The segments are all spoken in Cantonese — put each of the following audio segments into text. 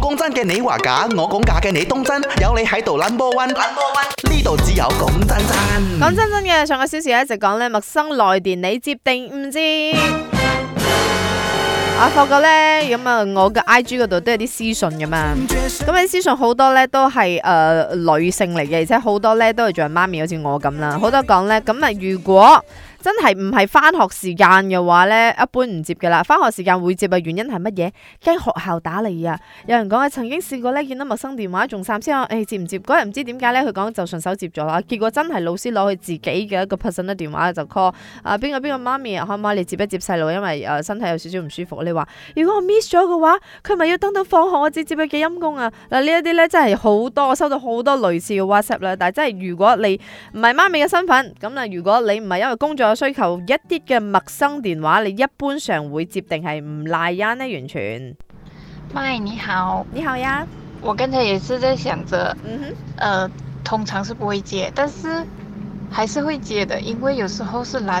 講真嘅你話假，我講假嘅你當真，有你喺度 number one，number one？呢度只有講真真。講真真嘅上個小時一直講咧陌生來電你接定唔接？阿福哥咧咁啊， 我嘅 I G 嗰度都有啲私信噶嘛，咁你私信好多咧都係誒、呃、女性嚟嘅，而且好多咧都係像媽咪好似我咁啦，好多講咧咁啊如果。真係唔係翻學時間嘅話呢，一般唔接噶啦。翻學時間會接嘅原因係乜嘢？驚學校打嚟啊。有人講啊，曾經試過呢，見到陌生電話仲三思啊。誒、哎，接唔接？嗰日唔知點解呢，佢講就順手接咗啦。結果真係老師攞佢自己嘅一個 person 嘅電話就 call 啊、呃，邊個邊個媽咪啊，可唔可以你接一接細路？因為、呃、身體有少少唔舒服。你話如果我 miss 咗嘅話，佢咪要等到放學我接接佢幾陰公啊？嗱，呢一啲呢真係好多，收到好多類似嘅 WhatsApp 啦。但係真係如果你唔係媽咪嘅身份，咁嗱，如果你唔係因為工作個需求一啲嘅陌生電話，你一般常會接定係唔賴完全。喂，你好，你好呀。我剛才也是在想着，嗯、mm，hmm. 呃，通常是不會接，但是還是會接的，因為有時候是賴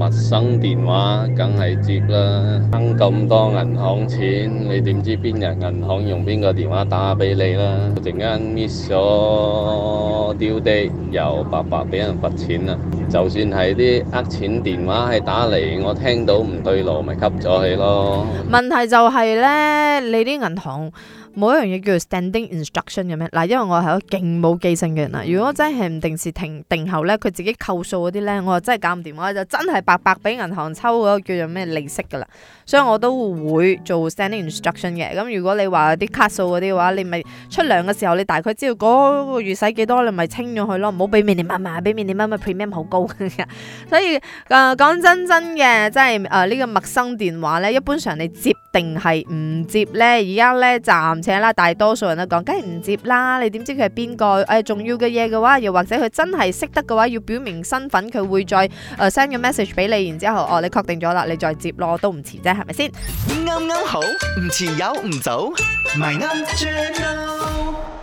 陌生電話梗係接啦，爭咁多銀行錢，你點知邊日銀行用邊個電話打俾你啦？陣間 miss 咗丟低，又白白俾人罰錢啦。就算係啲呃錢電話係打嚟，我聽到唔對路咪吸咗佢咯。問題就係呢，你啲銀行。冇一樣嘢叫做 standing instruction 嘅咩？嗱，因為我係個勁冇記性嘅人啦。如果真係唔定時停定後咧，佢自己扣數嗰啲咧，我真係搞唔掂。我就真係白白俾銀行抽嗰個叫做咩利息㗎啦。所以我都會做 standing instruction 嘅。咁如果你話啲卡數嗰啲話，你咪出糧嘅時候，你大概知道嗰個月使幾多，你咪清咗佢咯。唔好俾面你乜乜，俾面你乜乜 premium 好高。 所以講、呃、講真真嘅，真係呢、呃呢個陌生電話咧，一般上你接。定係唔接呢？而家呢，暫且啦，大多數人都講梗係唔接啦。你點知佢係邊個？誒、哎，重要嘅嘢嘅話，又或者佢真係識得嘅話，要表明身份，佢會再 send、呃、個 message 俾你，然之後哦，你確定咗啦，你再接咯，都唔遲啫，係咪先？啱啱好，唔遲有，唔早，咪啱啱。